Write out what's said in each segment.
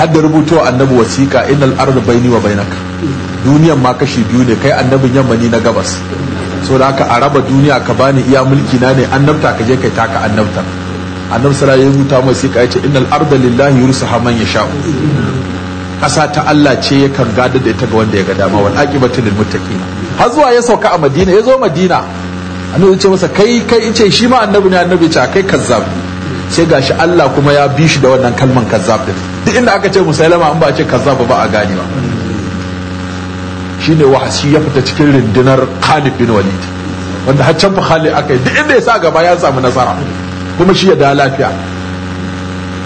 har da rubuto annabi wasiƙa innal ardu baini wa bainaka duniyan ma kashi biyu ne kai annabin yamma na gabas so da haka araba duniya ka bani iya mulki na ne annabta ka je kai taka annabta annabi sallallahu alaihi rubuta wasiƙa yace innal arda lillahi yursaha ya yasha ƙasa ta Allah ce yakan gada da ita ga wanda ya ga dama wal aqibatu lil muttaqin har zuwa ya sauka a Madina ya zo Madina annabi ce masa kai kai ce shi ma annabi ne annabi ce kai kazzab sai gashi Allah kuma ya bi shi da wannan kalman kazzab din duk inda aka ce musailama an ba ce kaza ba a gane ba shine wahasi ya fita cikin rundunar Khalid bin Walid wanda har can fa Khalid aka duk inda ya sa gaba ya samu nasara kuma shi ya da lafiya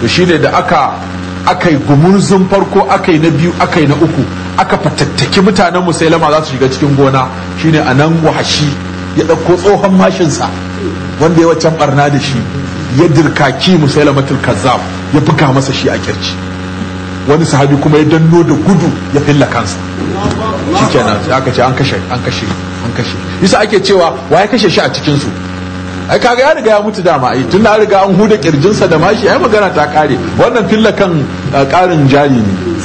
to shine da aka aka yi gumurzun farko aka yi na biyu aka yi na uku aka fatattaki mutanen musailama za su shiga cikin gona shine nan wahashi ya ɗauko tsohon mashinsa wanda ya waccan barna da shi ya dirkaki musailama kazzab ya buga masa shi a kirci wani sahabi kuma ya danno da gudu ya filla kansa shikenan sai aka ce an kashe an kashe an kashe yasa ake cewa wa ya kashe shi a cikin su ai kaga ya riga ya mutu dama ai tun na riga an huda kirjinsa da mashi ai magana ta kare wannan filla kan karin ah, jari ne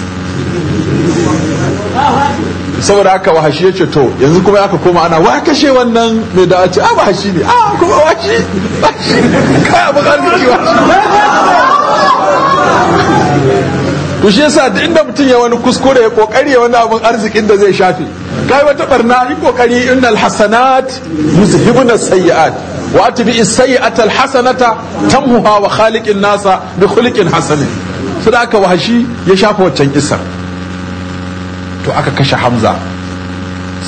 saboda haka wahashi ya ce to yanzu kuma aka koma ana wa kashe wannan mai da ce a ah, wahashi ne a ah, kuma wahashi wahashi kai abu kan wahashi to shi yasa duk inda mutum ya wani kuskure ya kokari ya wani abin arzikin da zai shafe kai wata barna yi kokari innal hasanat yuzhibuna sayyi'at wa atbi as-sayyi'ata al tamhuha wa khaliqin nasa bi khuliqin hasanin su da aka wahashi ya shafa waccan isar. to aka kashe hamza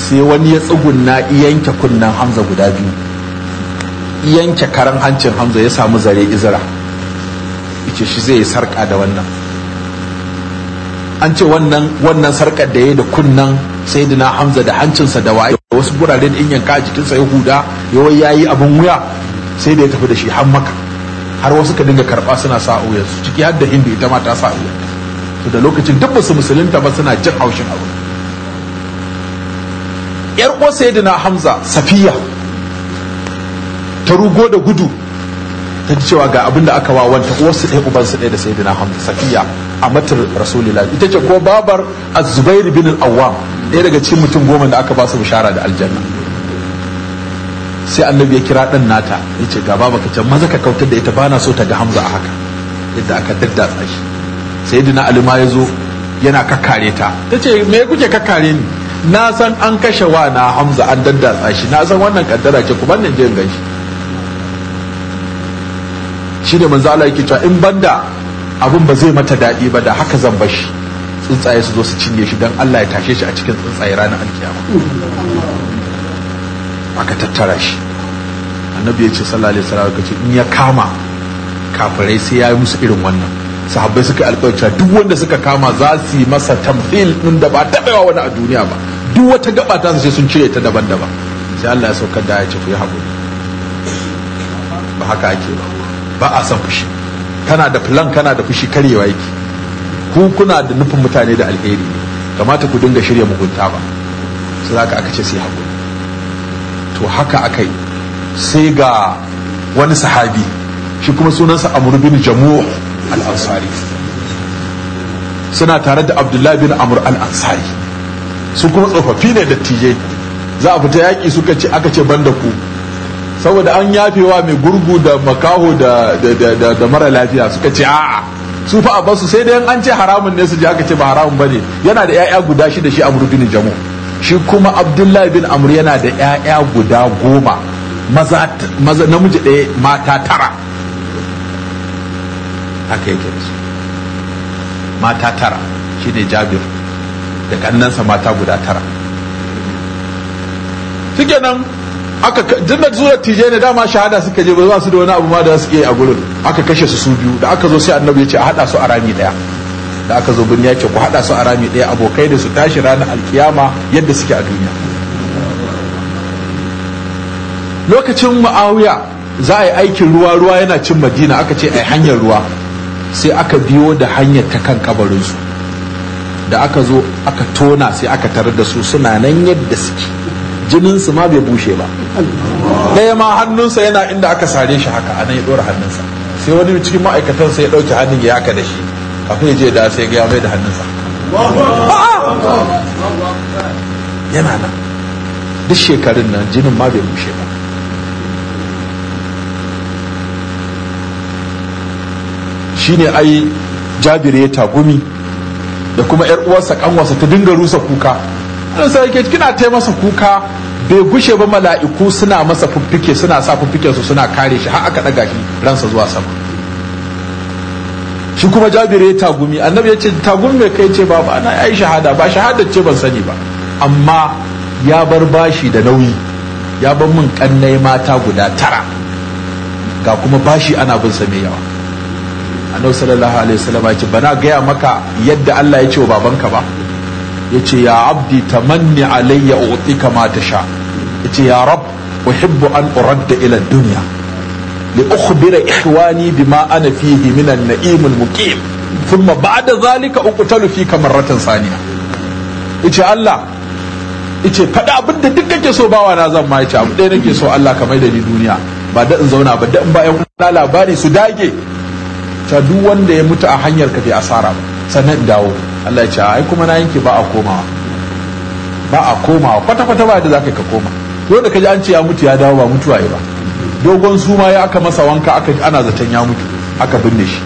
sai wani ya tsugunna yanke kunnen hamza guda biyu yanke karan hancin hamza ya samu zare izira ice shi zai sarka da wannan an ce wannan wannan sarkar da ya da kunnan na hamza da hancinsa da waye wasu gurare da in yanka a jikinsa ya huda yawai ya yi abin wuya sai da ya tafi da shi har maka har wasu ka dinga karba suna sa su ciki har da hindu ita ma ta sa wuya to da lokacin duk basu musulunta ba suna jin haushin abu yar uwar sayyidina hamza safiya ta rugo da gudu ta ji cewa ga abin da aka wa wanta wasu ɗaya uban su ɗaya da sai dina hamdu safiya a matar rasulillah ita ce ko babar azubairu bin al'awam ɗaya daga cikin mutum goma da aka ba su bishara da aljanna sai annabi ya kira ɗan nata ya ce ga baba ka maza ka kautar da ita bana so ta ga hamza a haka yadda aka daddatsa shi sai dina alima ya zo yana kakkare ta ta ce me kuke kakkare ni na san an kashe wa na hamza an daddatsa shi na san wannan kaddara ce kuma nan je in shi. ne manzo Allah yake cewa in banda abun ba zai mata daɗi ba da haka zan bashi tsuntsaye su zo su cinye shi dan Allah ya tashe shi a cikin tsuntsaye ranar alkiyama aka tattara shi annabi ya ce sallallahu alaihi wasallam kace in ya kama kafirai sai ya yi musu irin wannan sahabbai suka alƙawarci duk wanda suka kama za su yi masa tamthil din da ba taɓa wani a duniya ba duk wata gaba ta sai sun cire ta daban-daban sai Allah ya sauka da ya ce ku yi haƙuri ba haka ake ba ba a son fushi kana da plan kana da fushi karewa yake ku kuna da nufin mutane da alheri kamata ku dinga shirya mugunta ba sai haka aka ce sai hakuri to haka aka yi sai ga wani sahabi shi kuma sunansa amr bin jamu' al-ansari suna tare da abdullahi bin amr al-ansari su kuma tsofaffi ne dattijai za a fita yaƙi suka ce aka ce banda ku saboda an yafewa mai gurgu da makaho da mara lafiya suka ce a'a su fa a basu sai dai an ce haramun ne su ji aka ce ba haramun bane yana da yaya guda shi da shi amru bin jamu shi kuma abdullahi bin amr yana da yaya guda goma maza maza namiji ɗaya mata tara haka yake mata tara shine jabir da kannansa mata guda tara shikenan aka dinda zuwa tije ne dama shahada suka je ba su da wani abu ma da yi a gurin aka kashe su su biyu da aka zo sai annabi ya ce a hada su a rami daya da aka zo bin ya ce ku hada su a rami daya abokai da su tashi ranar alkiyama yadda suke a duniya lokacin muawiya za a yi aikin ruwa ruwa yana cin madina aka ce ai hanyar ruwa sai aka biyo da hanyar ta kan kabarinsu da aka zo aka tona sai aka tarar da su suna nan yadda suke jininsu ma bai bushe ba ɗaya ma hannunsa yana inda aka sare shi haka anan ya ɗora hannunsa sai wani cikin ma'aikatan sai ya ɗauki hannun ya haka da shi kafin ya je da sai ga ya mai da hannunsa yana nan duk shekarun nan jinin ma bai bushe ba shine ai jabir ya tagumi da kuma yar uwarsa kanwarsa ta dinga rusa kuka an sai yake kina taimasa kuka bai gushe ba mala'iku suna masa fuffike suna sa fuffike su suna kare shi har aka daga shi ransa zuwa sama shi kuma Jabiru ya tagumi annabi ya ce tagumi mai kai ce ba ba ya yi shahada ba shahadar ce ban sani ba amma ya bar bashi da nauyi ya bar min kannai mata guda tara ga kuma bashi ana bin sa mai yawa annabi sallallahu alaihi wasallam ya ce bana gaya maka yadda Allah ya ce wa babanka ba yace ya abdi tamanni alayya u'tika ma tasha yace ya rab uhibbu an uradda ila duniya li ukhbira ikhwani bima ana fihi min an-na'im al-muqim thumma ba'da zalika uqtalu fika marratan saniya yace Allah yace faɗa da duk kake so bawa na zan ma yace abu ɗaya nake so Allah ka maida ni duniya ba da in zauna ba da in ba yan labari su dage ta duk wanda ya mutu a hanyar ka bai asara ba sannan dawo Allah ya ce ai kuma na yanke ba a komawa ba a komawa kwata kwata ba da zaka ka koma to da kaji an ce ya mutu ya dawo ba mutuwa ba dogon suma ya aka masa wanka aka ana zaton ya mutu aka binne shi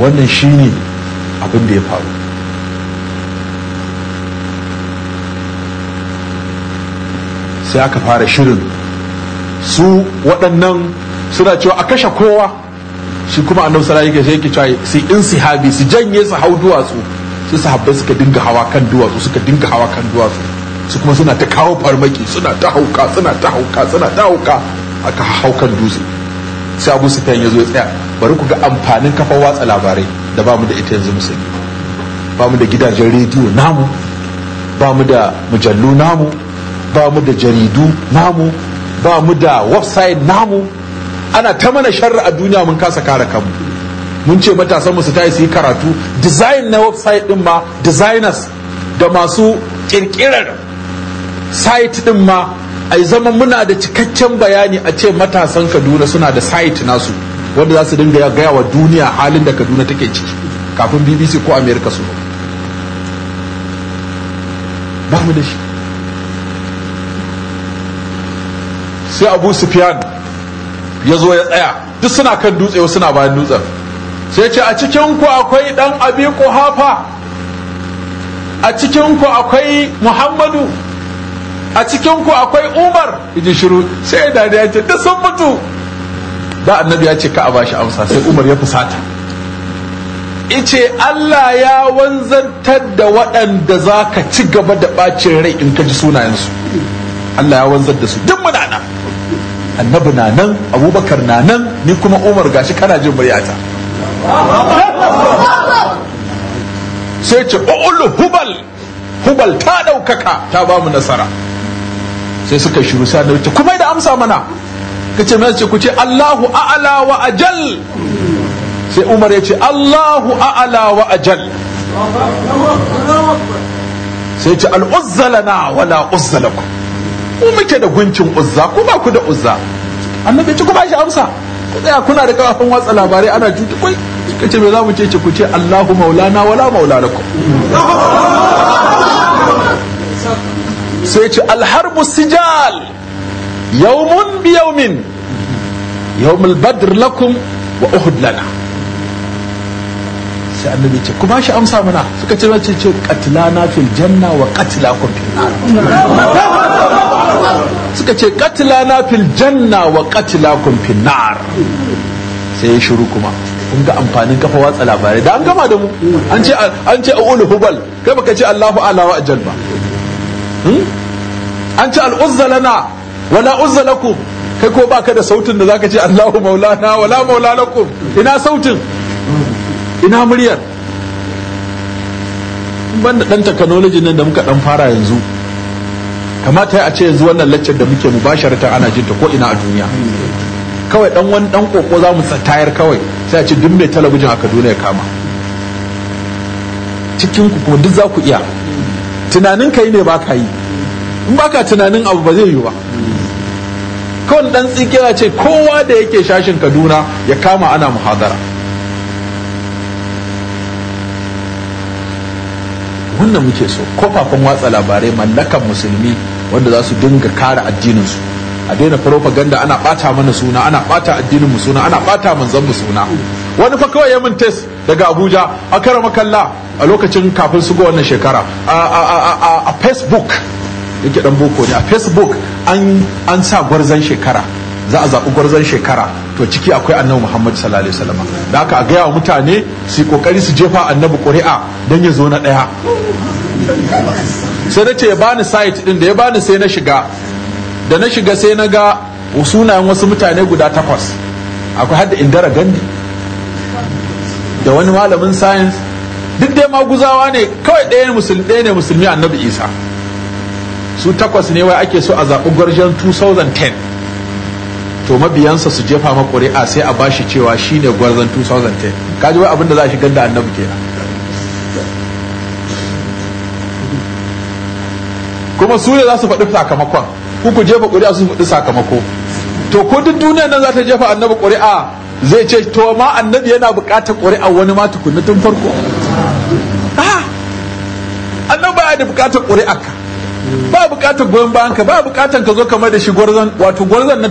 wannan shine abin da ya faru sai aka fara shirin su waɗannan suna cewa a kashe kowa shi kuma annabi sallallahu alaihi wasallam yake cewa si in sahabi su janye su hau duwatsu su sahabbai suka dinga hawa kan duwatsu suka dinga hawa kan duwatsu su kuma suna ta kawo farmaki suna ta hauka suna ta hauka suna ta hauka aka hau kan dutse sai Abu su ya zo ya tsaya bari ku ga amfanin kafar watsa labarai da bamu da ita yanzu musulmi bamu da gidajen rediyo namu bamu da mujallu namu bamu da jaridu namu bamu da website namu ana ta mana sharri a duniya mun kasa kare kanmu mun ce matasan mu su tayi su yi karatu design na website din ma designers da masu kirkirar site din ma ai zama muna da cikakken bayani a ce matasan Kaduna suna da site nasu wanda za su dinga gaya wa duniya halin da Kaduna take ciki kafin BBC ko America su ba mu da shi sai Abu Sufyan ya zo ya tsaya duk suna kan dutse wasu suna bayan dutsen sai ce a cikin ku akwai dan abi hafa a cikin ku akwai muhammadu a cikin ku akwai umar Iji shiru sai ya ya ce duk sun mutu da annabi ya ce ka a bashi amsa sai umar ya fusata ice Allah ya wanzantar da waɗanda za ka ci gaba da ɓacin rai in ka ji sunayensu Allah ya wanzar da su duk munana annabi na nan abubakar na nan ni kuma umar gashi kana jin muryata sai ce ul hubal hubal ta ɗaukaka ta ba mu nasara sai suka shiru sa da kuma da amsa mana ka ce mana ce ku ce Allahu a'ala wa ajal sai Umar ya ce Allahu a'ala wa ajal sai ce al wala uzza ku muke da guncin uzza ku ba ku da uzza annabi ci ku ba shi amsa ku tsaya kuna da kafafan watsa labarai ana juti kai suka ce me za mu ce ce ku ce Allahu maulana wala maula lakum sai ce alharbu sijal yawmun bi yawmin yawmul badr lakum wa uhud lana sai annabi ce ba shi amsa mana suka ce ce katlana fil janna wa katlakum fil nar suka ce na fil janna wa katila fil nar sai ya shiru kuma kun ga amfanin kafa watsa labarai da an gama da mu an ce an ce ulu hubal kai baka ce Allahu ala wa ajal ba hmm? an ce al'uzza lana wala uzza lakum kai ko baka da sautin da zaka ce Allahu maulana wala maula lakum ina sautin ina muryar ban da dan technology nan da muka dan fara yanzu kamata a ce yanzu wannan laccar da muke mu basharatan ana jinta ko ina a duniya kawai dan wani dan koko za mu tayar kawai sai a ce duk mai talabijin a Kaduna ya kama cikin ku duk za ku iya tunanin kai ne ba ka yi in ba ka tunanin abu ba zai yi ba kawai dan tsikira ce kowa da yake shashin Kaduna ya kama ana muhadara hunna muke so kofafan watsa labarai mallakan musulmi wanda za su dinga kare addininsu a daina propaganda ana bata mana suna ana bata addinin mu suna ana bata manzon mu suna wani fa kawai ya mun test daga Abuja a kara makalla a lokacin kafin su ga wannan shekara a Facebook yake dan boko ne a Facebook an an sa gwarzan shekara za a zaɓi gwarzon shekara to ciki akwai annabi muhammad sallallahu alaihi da aka gaya wa mutane su kokari su jefa annabi ƙuri'a don ya zo na ɗaya sai na ce ya bani site ɗin da ya bani sai na shiga da na shiga sai na ga sunayen wasu mutane guda takwas akwai hadda indara gandi da wani malamin science duk dai maguzawa ne kawai ɗaya musulmi ne musulmi annabi isa su takwas ne wai ake so a zaɓi gwarzon 2010 to mabiyansa su jefa ma ƙuri'a sai a bashi cewa shine gwarzon 2010 kaji wai abinda za a shigar da annabi kenan kuma su ne za su faɗi sakamakon ku ku jefa ƙuri'a su faɗi sakamako to ko duk duniya nan za ta jefa annabi ƙuri'a zai ce to ma annabi yana buƙatar ƙuri'a wani ma tukunna tun farko ah! annabi ba ya da buƙatar ƙuri'a ka ba bukatar goyon bayan ka ba bukatar ka zo kama da shi gwarzon wato gwarzon na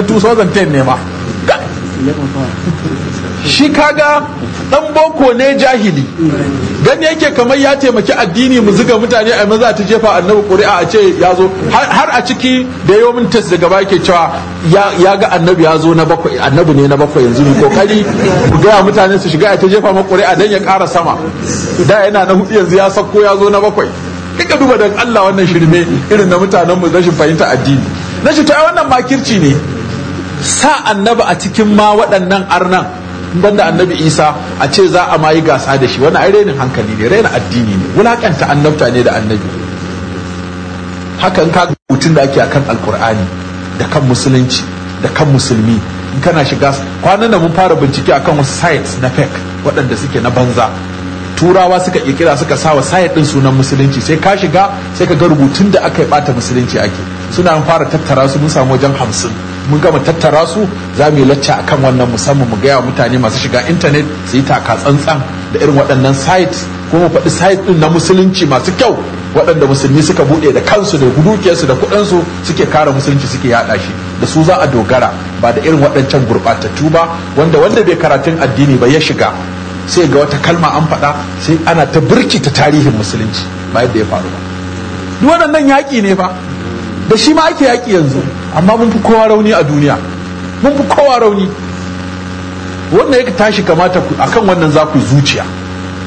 2010 ne ma shi kaga dan boko ne jahili gani yake kamar ya taimaki addini mu zuga mutane a maza ta jefa annabi ƙuri'a a ce ya zo har a ciki da yau min tas daga baki cewa ya ga annabi ya zo na bakwai annabi ne na bakwai yanzu ni kokari ku gaya mutane su shiga ta jefa ma ƙuri'a dan ya ƙara sama da yana na hudu yanzu ya sako ya zo na bakwai kika duba dan Allah wannan shirme irin na mutanen mu rashin fahimta addini na ce to ai wannan makirci ne sa annabi a cikin ma waɗannan arnan banda annabi isa a ce za a mayi gasa da shi wannan ai renin hankali ne rainin addini ne wulakanta annabta ne da annabi hakan ka ga hutun da ake akan alkur'ani da kan musulunci da kan musulmi in kana shiga kwanan da mun fara bincike akan wasu sites na fake waɗanda suke na banza turawa suka kirkira suka sawa sayar din sunan musulunci sai ka shiga sai ka ga rubutun da aka yi bata musulunci ake suna fara tattara su mun samu wajen hamsin mun gama tattara su za mu yi lacca akan wannan musamman mu gaya mutane masu shiga intanet su yi taka tsantsan da irin waɗannan sites ko mu faɗi sites din na musulunci masu kyau waɗanda musulmi suka buɗe da kansu da dukiyarsu da kuɗinsu suke kare musulunci suke yaɗa shi da su za a dogara ba da irin waɗancan gurɓatattu ba wanda wanda bai karatun addini ba ya shiga sai ga wata kalma an faɗa sai ana ta ta tarihin musulunci ba yadda ya faru ba duk waɗannan yaƙi ne fa da shi ma ake yaƙi yanzu amma mun fi kowa rauni a duniya mun fi kowa rauni wannan ya tashi kamata ku akan wannan za ku zuciya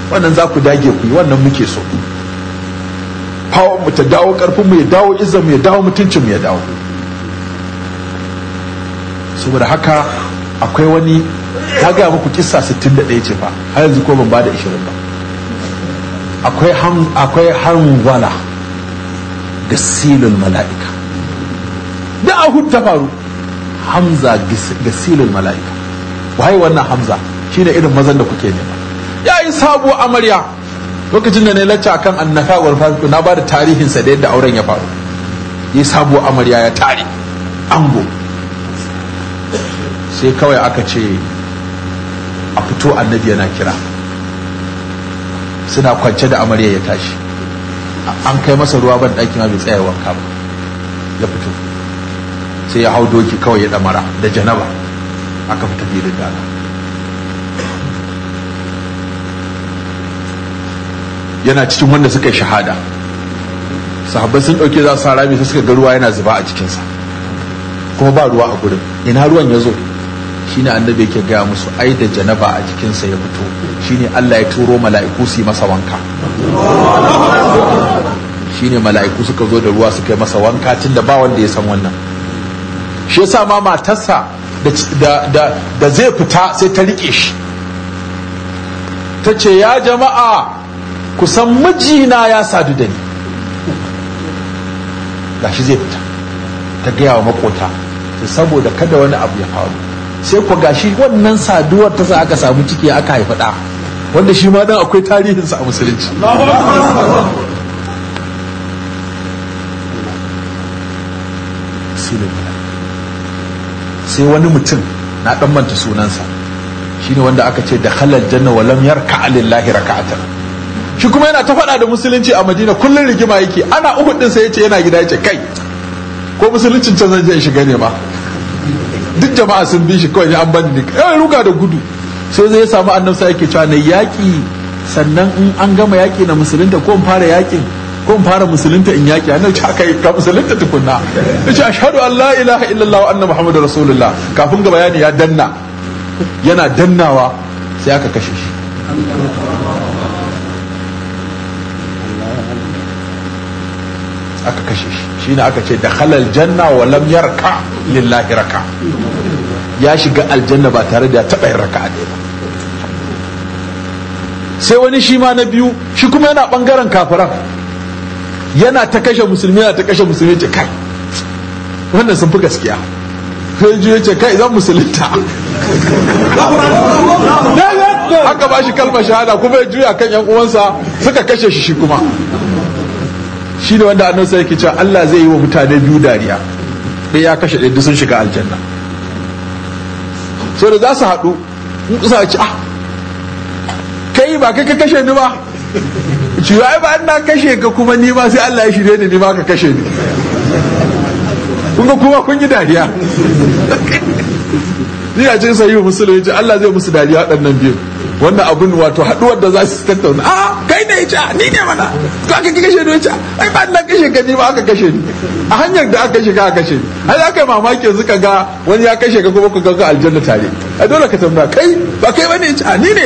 wannan za ku dage ku wannan muke so hawa mu ta dawo karfin mu ya dawo izza mu ya dawo mutuncin mu ya dawo saboda haka akwai wani ta gaya muku kisa 61 ce fa har yanzu ko ban ba da 20 ba akwai harmun wala ga silin mala'ika da ahud ta faru hamza ga silin mala'ika waye wannan hamza shine irin mazan da kuke nema ya yi sabuwar amarya lokacin da na lacca kan annafa wal fasiku na bada tarihin sa da yadda auren ya faru yi sabuwar amarya ya tare ango sai kawai aka ce a fito annabi yana kira suna kwance da amarya ya tashi an kai masa ruwa ban ɗakin ma bai tsaya wanka ba ya fito sai ya hau doki kawai ya ɗamara da janaba aka fita filin dana yana cikin wanda suka yi shahada sahabbai sun ɗauke za su sa rami su suka ga ruwa yana zuba a cikinsa kuma ba ruwa a gurin ina ruwan ya zo shine annabi yake gaya musu ai da janaba a jikinsa ya fito shine Allah ya turo mala'iku su masa wanka shine mala'iku suka zo da ruwa suka yi masa wanka tunda ba wanda ya san wannan shi yasa ma matarsa da zai fita sai ta rike shi ta ce ya jama'a kusan mijina ya sadu da ni gashi zai fita ta gaya wa makota saboda kada wani abu ya faru sai ku gashi wannan saduwar ta sa aka samu ciki aka haifa da wanda shi ma dan akwai tarihinsa a musulunci sai wani mutum na dan manta sunansa shine wanda aka ce da halal janna wa lam yarka alillahi raka'atan shi kuma yana ta faɗa da musulunci a Madina kullun rigima yake ana uhud din sai yace yana gida yace kai ko musuluncin can zan je shiga ne ba. duk jama'a sun bi shi kawai an bani ne ya ruga da gudu sai zai samu annabi sai yake cewa na yaki sannan in an gama yaki na musulunta ko in fara yakin ko in fara musulunta in yaki annabi ce aka ka musulunta tukunna yace ashhadu an la ilaha illallah wa anna muhammadar rasulullah kafin ga bayani ya danna yana dannawa sai aka kashe shi aka kashe shi shine aka ce da halal janna wa lam yarka lillahi raka ya shiga aljanna ba tare da ya taɓa yin raka'a ɗaya ba sai wani shi ma na biyu shi kuma yana ɓangaren kafiran yana ta kashe musulmi yana ta kashe musulmi ce kai wannan sun fi gaskiya sai juye ce kai zan musulunta haka ba shi kalma shahada kuma ya juya kan yan uwansa suka kashe shi shi kuma shi ne wanda annabi sai yake cewa Allah zai yi wa mutane biyu dariya ɗaya ya kashe ɗaya sun shiga aljanna sai da za su haɗu in kusa ci ah kai ba kai ka kashe ni ba ci ai ba ina kashe ka kuma ni ma sai Allah ya shirye ni ni ma ka kashe ni kun ga kuma kun yi dariya ni a cikin sahihu muslim ce Allah zai musu dariya waɗannan biyu wannan abin wato haduwar da za su tattauna a kai ne ita ni ne mana ko aka kike shedo ita ai ba na kashe ka ni ba aka kashe ni a hanyar da aka kashe aka kashe ni ai aka yi mamaki yanzu ka ga wani ya kashe ka kuma ku ga aljanna tare ai dole ka tambaya kai ba kai bane ita ni ne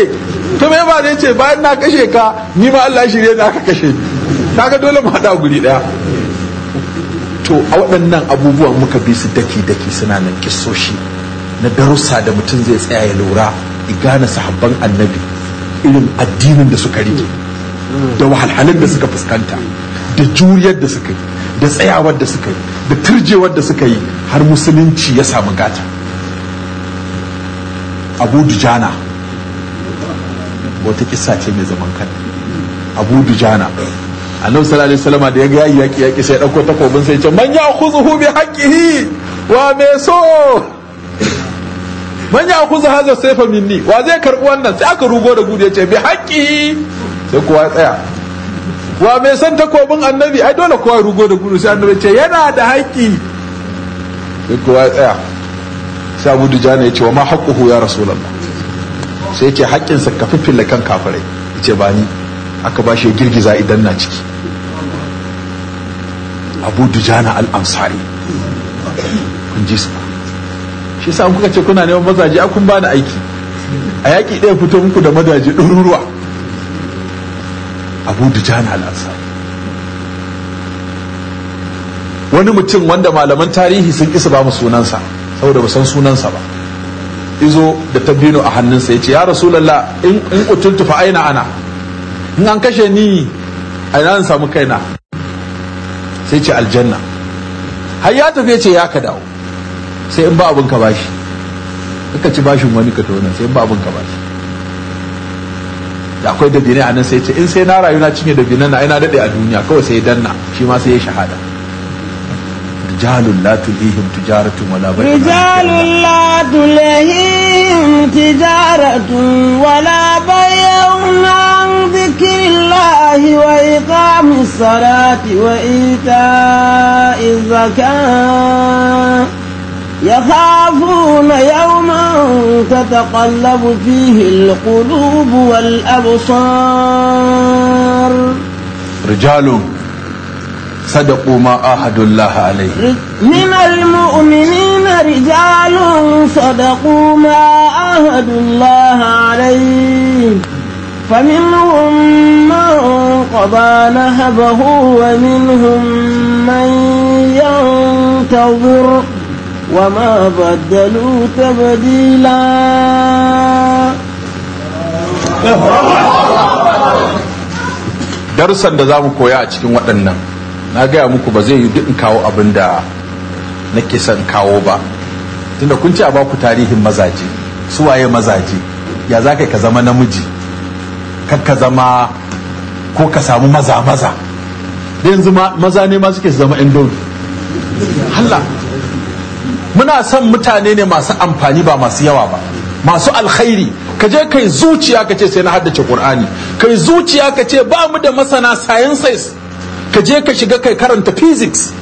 to me ba zai ce bayan na kashe ka ni ma Allah shirye da aka kashe ni kaga dole mu hada guri daya to a waɗannan abubuwan muka bi su daki-daki suna nan kisoshi na darussa da mutum zai tsaya ya lura gane sahabban annabi irin addinin da suka rike da wahalhalin da suka fuskanta da juriyar da suka yi da tsayawar da suka yi da turjewar da suka yi har musulunci ya samu gata abu dujana wata kisa ce mai zaman kan abu dujana annabi sallallahu alaihi wasallam da ya ga yaki yaki sai ya dauko takobin sai ya ce man ya khuzuhu bi haqqihi wa me so man ya kuza haza saifa minni wa zai karbi wannan sai aka rugo da gudu yace bi haƙi sai kowa ya tsaya wa mai san takobin annabi ai dole kowa rugo da gudu sai annabi ce yana da haƙƙi sai kowa ya tsaya sai Abu Dujana ya ce wa ma haƙuhu ya rasulullah sai yace haƙin sa kafiffin kan kafirai yace ba ni aka ba shi girgiza idan na ciki Abu na al-Ansari kun ji shi sa kuka ce kuna neman mazaje akun ba ni aiki a yaƙi ɗaya fito muku da mazaje ɗaruruwa. abu dujana al'asa wani mutum wanda malaman tarihi sun isa ba mu sunansa saboda ba san sunansa ba izo da tabbino a hannunsa ya ce ya rasulallah in kutuntu fa aina ana in an kashe ni a ina samu kaina sai ce aljanna har ya tafi ya ce ya ka dawo sai in ba abin ka bashi ka ci bashin wani ka tona sai in ba abin ka bashi da akwai dabinai a nan sai ce in sai na rayu na cinye dabinan na ina daɗe a duniya kawai sai danna shi ma sai ya shahada رجال لا تلهيهم تجارة ولا بيع رجال لا تلهيهم تجارة ولا بيع عن ذكر الله وإقام الصلاة وإيتاء الزكاة يخافون يوما تتقلب فيه القلوب والأبصار رجال صدقوا ما عاهدوا الله عليه من المؤمنين رجال صدقوا ما عاهدوا الله عليه فمنهم من قضى نهبه ومنهم من ينتظر وما بدلوا تبديلا darussan da zamu koya a cikin waɗannan na gaya muku ba zai yi duk in kawo abin da nake son kawo ba tunda kun ce a baku tarihin mazaje suwaye mazaje ya za ka zama namiji kar zama ko ka samu maza maza da yanzu maza ne ma suke zama indomi. Allah muna son mutane ne masu amfani ba masu yawa ba masu alkhairi ka je kai zuciya ka ce sai na haddace qur'ani kai zuciya ka ce ba mu da masana sciences ka je ka shiga kai karanta physics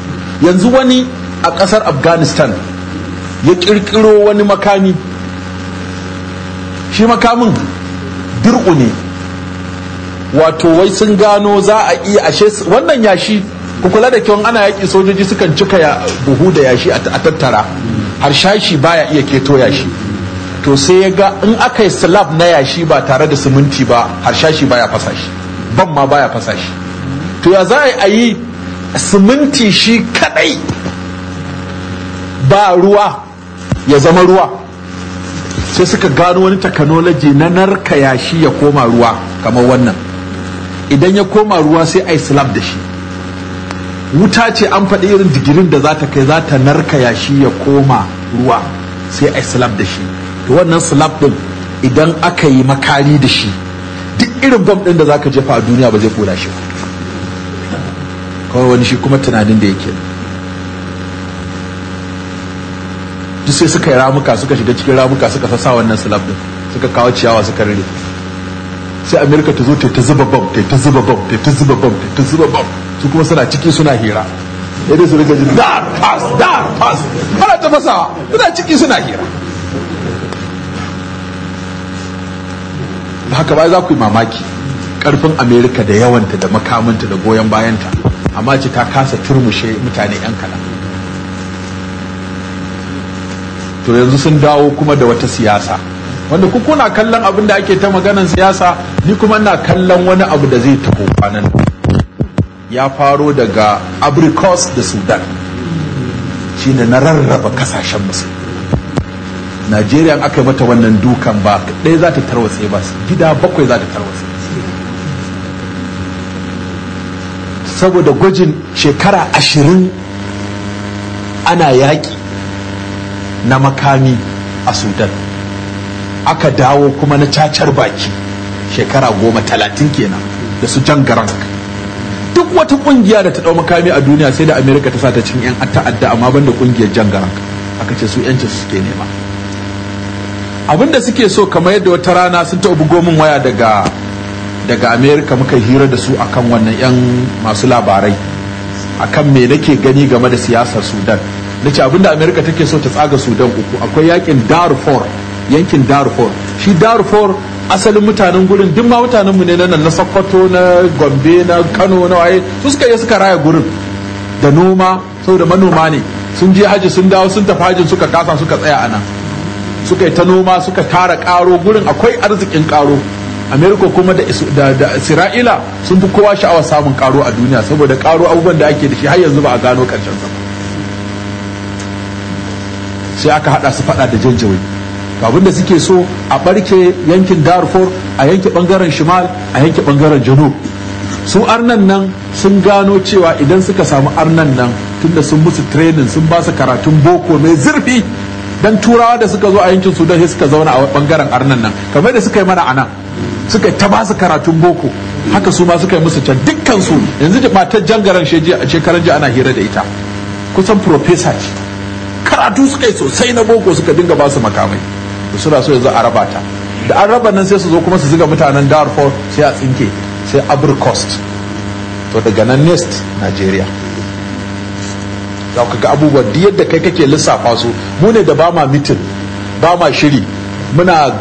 yanzu wani a kasar afghanistan ya kirkiro wani makami shi makamin dir'u ne wato wai sun gano za a iya ashe wannan yashi ku kula da kyau ana yaƙi sojoji sukan cika ya buhu da yashi a tattara har shashi baya iya keto yashi to sai ya ga in aka yi slab na yashi ba tare da siminti ba har shashi baya fasa shi ban ma baya fasa shi to ya za a yi siminti shi kadai ba ruwa ya zama ruwa sai suka gano wani technology na narka yashi ya koma ruwa kamar wannan idan ya koma ruwa sai a yi slab da shi wuta ce an faɗi irin digirin da za ta kai za ta narka yashi ya koma ruwa sai a slab da shi to wannan slab din idan aka yi makari da shi duk irin bom din da zaka jefa a duniya ba zai kula shi kawai wani shi kuma tunanin da yake duk sai suka yi ramuka suka shiga cikin ramuka suka fasa wannan slab din suka kawo ciyawa suka rire sai amerika ta zo ta zuba bom ta zuba bom ta zuba bom ta zuba bom. su kuma suna ciki suna hira yadda su rikaji da pass da pass ana ta fasawa suna ciki suna hira haka ba za ku yi mamaki karfin amerika da yawanta da makamanta da goyon bayanta amma ce ta kasa turmushe mutane 'yan kala to yanzu sun dawo kuma da wata siyasa wanda kuku na kallon abin da ake ta maganan siyasa ni kuma na kallon wani abu da zai taho kwanan ya faro daga abrikos da sudan shine na rarraba kasashen musu najeriya aka yi mata wannan dukan ba ɗaya za ta tarwatse ba gida bakwai za ta tarwatse saboda gwajin shekara ashirin ana yaƙi na makami a sudan aka dawo kuma na cacar baki shekara goma talatin kenan da su jan garan wata kungiya da ta dau makami a duniya sai da America ta sa ta cikin yan ta'adda amma banda kungiyar jangaran aka ce su yancin su suke nema abinda suke so kamar yadda wata rana sun ta bugo min waya daga daga America muka hira da su akan wannan yan masu labarai akan me nake gani game da siyasar Sudan nace abinda America take so ta tsaga Sudan uku akwai yakin Darfur yankin Darfur shi Darfur asalin mutanen gurin duk ma mutanen mu ne na nan na sokoto na gombe na kano na waye su suka yi suka raya gurin da noma saboda manoma ne sun je haji sun dawo sun tafi hajin suka kasa suka tsaya a nan suka yi ta noma suka tara karo gurin akwai arzikin karo amerika kuma da, isra'ila sun fi kowa sha'awar samun karo a duniya saboda karo abubuwan da ake da shi har yanzu ba a gano karshen sa sai aka hada su fada da janjawai abin da suke so a barke yankin darfur a yanke bangaren shimal a yanke bangaren janub su arnan nan sun gano cewa idan suka samu arnan nan tunda sun musu training sun ba su karatun boko mai zurfi dan turawa da suka zo a yankin sudan sai suka zauna a bangaren arnan nan kamar da suka yi mana anan suka ta ba su karatun boko haka su ma suka yi musu can dukkansu yanzu da matar jangaren sheji a shekaran ji ana hira da ita kusan profesa ce karatu suka yi sosai na boko suka dinga ba su makamai suna so yanzu a raba ta da an raba nan sai su zo kuma su ziga mutanen darfur sai a tsinke sai abrikost to daga nan nest nigeria za ku ga abubuwa duk yadda kai kake lissafa su mu ne da ba ma mitin ba ma shiri muna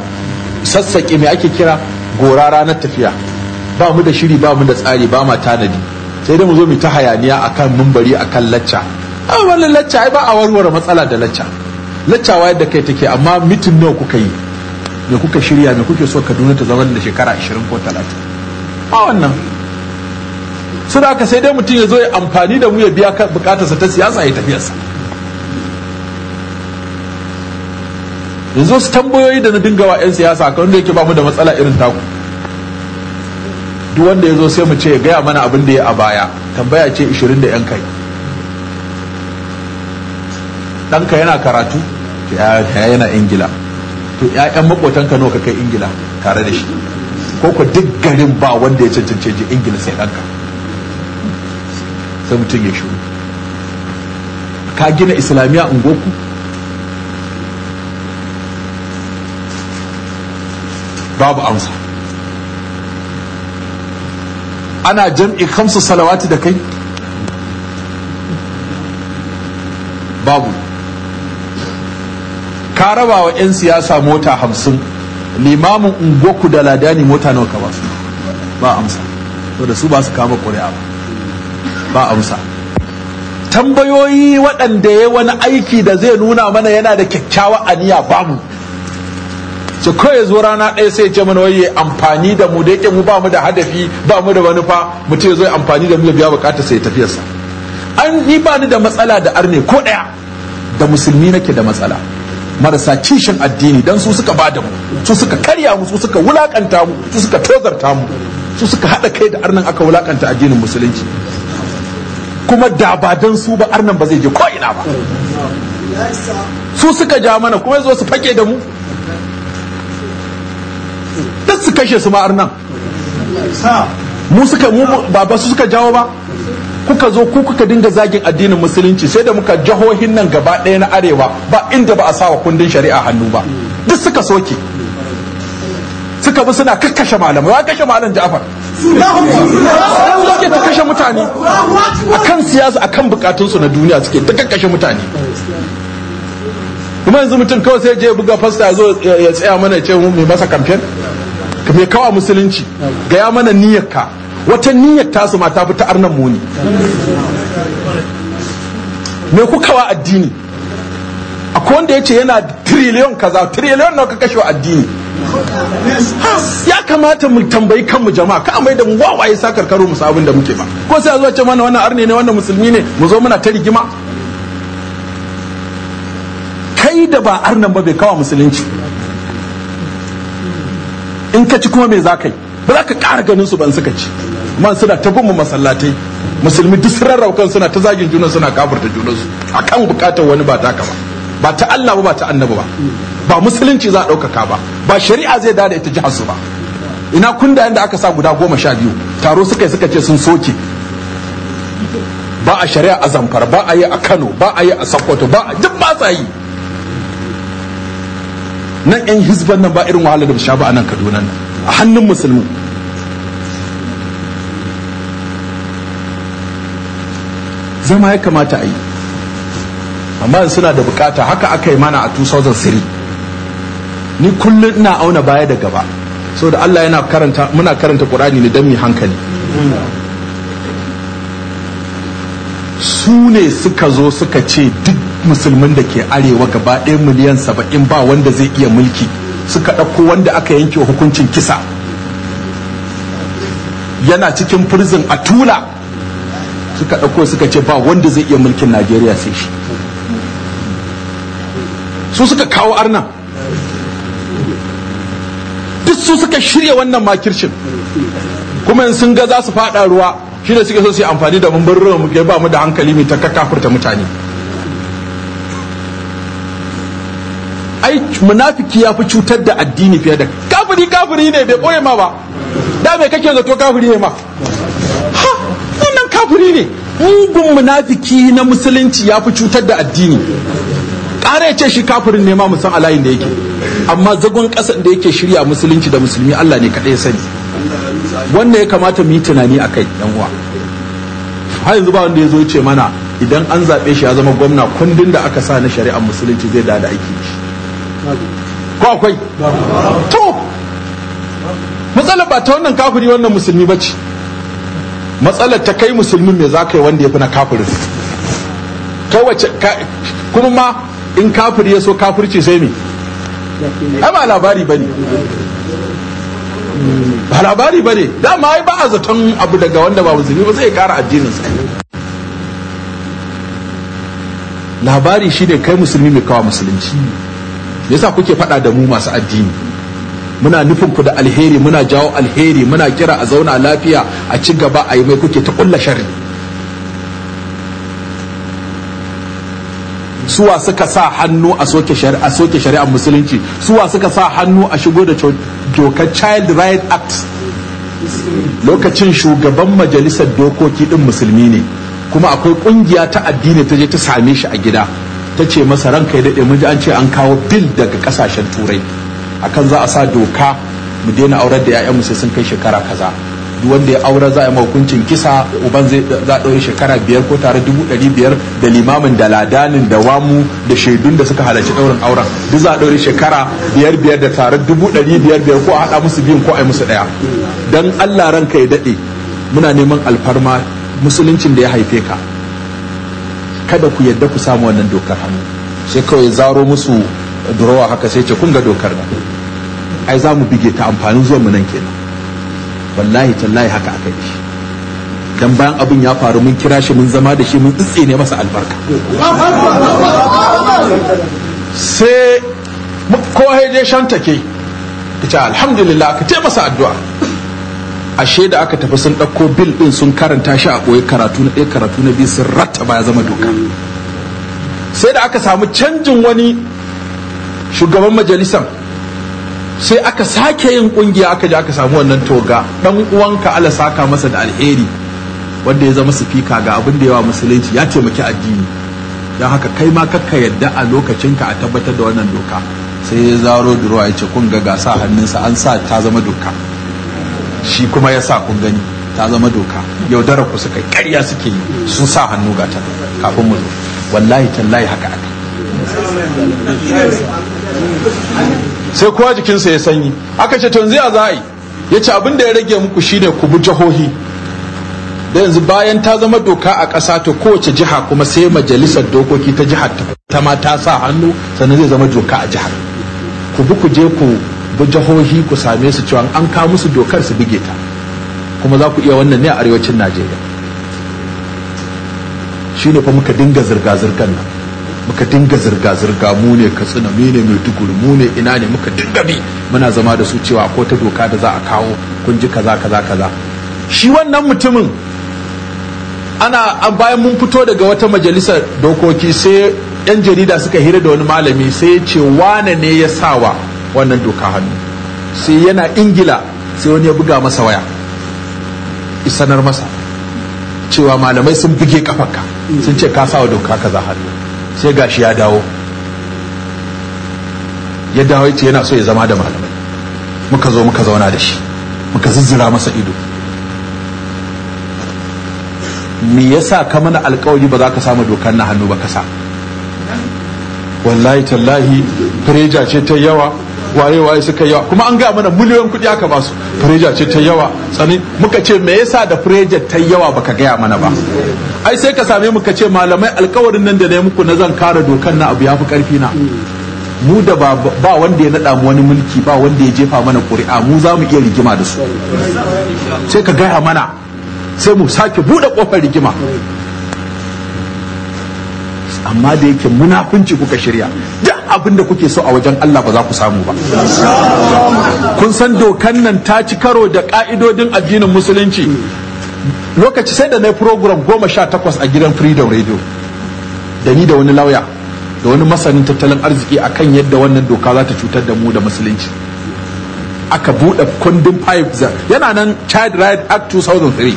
sassaƙe mai ake kira gora ranar tafiya ba mu da shiri ba mu da tsari ba ma tanadi sai dai mu zo mu ta hayaniya akan mumbari akan lacca a wannan lacca ai ba a warware matsala da lacca laccawa yadda kai take amma mitin nawa kuka yi me kuka shirya me kuke so kaduna ta zama da shekara 20 ko 30 a wannan su da aka sai dai mutum ya zo ya amfani da mu ya biya bukatarsa ta siyasa ya tafiyarsa yanzu su tambayoyi da na dinga wa 'yan siyasa kan wanda yake ba mu da matsala irin taku duk wanda ya zo sai mu ce ya gaya mana abin da ya a baya tambaya ce 20 da 'yan kai ɗanka yana karatu to yana ingila to ƴaƴan makotanka nawa ka kai ingila tare da shi ko ko duk garin ba wanda ya cancance je ingila sai ɗanka sai mutum ya shiru ka gina islamiyya ungoku babu amsa ana jam'i kamsu salawati da kai babu ka raba wa 'yan siyasa mota hamsin limamin ungoku da ladani mota nawa ka basu ba amsa to da su ba kama ƙuri'a ba ba amsa tambayoyi waɗanda ya wani aiki da zai nuna mana yana da kyakkyawa aniya mu ce kawai zo rana ɗaya sai ce mana waye amfani da mu da yake mu ba mu da hadafi ba mu da manufa mu ce zo amfani da mu ya biya bukata sai tafiyarsa an ni ba ni da matsala da arne ko ɗaya da musulmi nake da matsala marasa kishin addini dan su suka bada mu su suka karya mu su suka wulakanta mu su suka tozarta mu su suka hada kai da arnan aka wulakanta addinin musulunci kuma da ba dan su ba arnan ba zai je ko ina ba su suka ja mana kuma zo su fake da mu duk su kashe su ma arnan mu suka mu ba su suka jawo ba kuka zo ku kuka dinga zagin addinin musulunci sai da muka jihohin nan gaba ɗaya na arewa ba inda ba a sawa kundin shari'a hannu ba duk suka soke suka bi suna kakkashe malamai wa kashe malam Ja'far sun zoke ta kashe mutane A kan siyasa a kan bukatunsu na duniya suke ta kakkashe mutane kuma yanzu mutum kawai sai je buga fasta zo ya tsaya mana ce mu mai masa kamfen ka mai kawa musulunci ga ya mana ka. wata niyyar tasu ma ta fi ta arnan muni me kuka wa addini a wanda ya ce yana triliyon kaza triliyon nawa ka kashe wa addini ya kamata mu tambayi kanmu jama'a ka mai da mu wawaye sa karkaro mu sabon da muke ba ko sai a zuwa ce mana wannan arne ne wannan musulmi ne mu zo muna ta rigima kai da ba arnan ba bai kawo musulunci in ka ci kuma me za ka yi ba za ka ƙara ganin su ban suka ci man suna ta gumu masallatai musulmi duk sun rarraukan suna ta zagin junan suna junan su. A kan bukatar wani ba taka ba ba ta Allah ba ba ta annabi ba ba musulunci za a ɗaukaka ba ba shari'a zai dada ita jihar su ba ina kun da aka sa guda goma sha biyu taro suka yi suka ce sun soke ba a shari'a a zamfara ba a yi a kano ba a yi a sokoto ba a duk ba sa yi nan yan hizban nan ba irin wahala da sha ba a nan kaduna nan a hannun musulmi zama ya kamata a yi amma suna da bukata haka aka yi mana a 2003 ni kullum ina auna baya da gaba saboda Allah yana karanta muna karanta Qur'ani ne don mu hankali su ne suka zo suka ce duk musulmin da ke arewa gaba ɗaya miliyan saba'in ba wanda zai iya mulki suka ɗauko wanda aka yanke hukuncin kisa yana cikin firzin a tula suka ɗauko suka ce ba wanda zai iya mulkin najeriya sai shi su suka kawo arna duk su suka shirya wannan makircin kuma sun ga za su faɗa ruwa shi da suke so su yi amfani da mun mu ba mu da hankali mai ta kakafurta mutane ai munafiki ya fi cutar da addini fiye da kafiri kafiri ne bai ɓoye ma ba da me kake zato kafuri ne ma kafiri ne ungun munafiki na musulunci ya fi cutar da addini ƙara ce shi kafirin ne ma musan alayin da yake amma zagon ƙasar da yake shirya musulunci da musulmi Allah ne kaɗai sani wannan ya kamata mu yi tunani a kai ɗan uwa har yanzu ba wanda ya zo ce mana idan an zaɓe shi ya zama gwamna kundin da aka sa na shari'ar musulunci zai da da aiki shi ko akwai to matsalar ba ta wannan kafiri wannan musulmi ba ce matsalar ta kai musulmin me za ka yi wanda ya fi na kafirin kuma ma in kafir ya so kafirci sai me ai ba labari ba ne ba labari ba ne dama ai ba a zaton abu daga wanda ba musulmi ba zai kara addininsa labari shi ne kai musulmi mai kawo musulunci yasa kuke fada da mu masu addini muna nufin ku da alheri muna jawo alheri muna kira a zauna lafiya a ci gaba a yi mai kuke ta kulla sharri suwa suka sa hannu a soke shari'a soke shari'ar musulunci suwa suka sa hannu a shigo da dokar child right act lokacin shugaban majalisar dokoki din musulmi ne kuma akwai kungiya ta addini ta je ta same shi a gida ta ce masa ranka ya daɗe mun ji an ce an kawo bil daga ƙasashen turai akan za a sa doka mu daina aurar da 'ya'yanmu sai sun kai shekara kaza duk wanda ya aura za a yi hukuncin kisa uban zai za ɗaure shekara biyar ko tare dubu ɗari biyar da limamin da ladanin da wamu da shaidun da suka halarci ɗaurin auren duk za a ɗaure shekara biyar biyar da tare dubu ɗari biyar biyar ko a haɗa musu biyun ko a yi musu ɗaya dan Allah ranka ya daɗe muna neman alfarma musuluncin da ya haife ka kada ku yadda ku samu wannan dokar hannu sai kawai zaro musu durowa haka sai ce kun ga dokar nan ai za mu bige ta amfani zuwa mu nan kenan wallahi tallahi haka aka yi dan bayan abin ya faru mun kira shi mun zama da shi mun tsitse ne masa albarka sai ko ya je shantake ta ce alhamdulillah ka ce masa addu'a ashe da aka tafi sun ɗauko bil ɗin sun karanta shi a ɓoye karatu na ɗaya karatu na biyu sun rattaba ya zama doka sai da aka samu canjin wani shugaban majalisar sai aka sake yin kungiya aka je aka samu wannan toga dan uwanka ala saka masa da alheri wanda ya zama sifika ga abin da yawa musulunci ya taimaki addini dan haka kai ma kakka yadda a ka a tabbatar da wannan doka sai ya zaro durowa ya ce kun ga sa hannunsa an sa ta zama doka shi kuma ya sa kun gani ta zama doka yaudarar ku suka karya suke yi sun sa hannu ga ta kafin mu zo wallahi tallahi haka aka sai kowa jikinsa ya sanyi aka ce tun za a yi ya ce abin da ya rage muku shine ku bi jihohi da yanzu bayan ta zama doka a ƙasa to kowace jiha kuma sai majalisar dokoki ta jihar ta ma ta sa hannu sannan zai zama doka a jihar ku bi ku je ku bi jihohi ku same su cewa an kawo musu dokar su bige ta kuma za ku iya wannan ne a arewacin najeriya shine fa muka dinga zirga-zirgar nan muka dinga zirga-zirga mu ne katsina mu ne mai tukuru mu ne ina ne muka dinga bi muna zama da su cewa ko ta doka da za a kawo kun ji kaza kaza kaza shi wannan mutumin ana bayan mun fito daga wata majalisar dokoki sai yan jarida suka hira da wani malami sai ya ce wane ne ya sawa wannan doka hannu sai yana ingila sai wani ya buga masa waya isanar masa cewa malamai sun buge kafanka sun ce ka sawa doka kaza hannu sai gashi ya dawo ya dawo yace yana so ya zama da malamai muka zo muka zauna da shi muka zizzira masa ido me yasa ka mana alkawari ba za ka samu dokar na hannu ba ka kasa wallahi tallahi fireja ce ta yawa waye waye suka yawa kuma an ga mana miliyoyin kuɗi aka basu fureja ce ta yawa Sani muka ce me yasa da fureja ta yawa baka gaya mana ba ai sai ka same mu ka ce malamai alkawarin nan da na muku na zan kare dokan na abu yafi karfi na mu da ba wanda ya naɗa mu wani mulki ba wanda ya jefa mana ƙuri'a mu za mu iya rigima da su sai ka gaya mana sai mu sake buɗe ƙofar rigima amma da yake munafunci kuka shirya duk abin da kuke so a wajen Allah ba za ku samu ba kun san dokan nan ta ci karo da ka'idodin addinin musulunci lokaci sai da na program goma sha takwas a gidan freedom radio da ni da wani lauya da wani masanin tattalin arziki a kan yadda wannan doka za ta cutar da mu da musulunci aka buɗe kundin pipes yana nan child right act 2003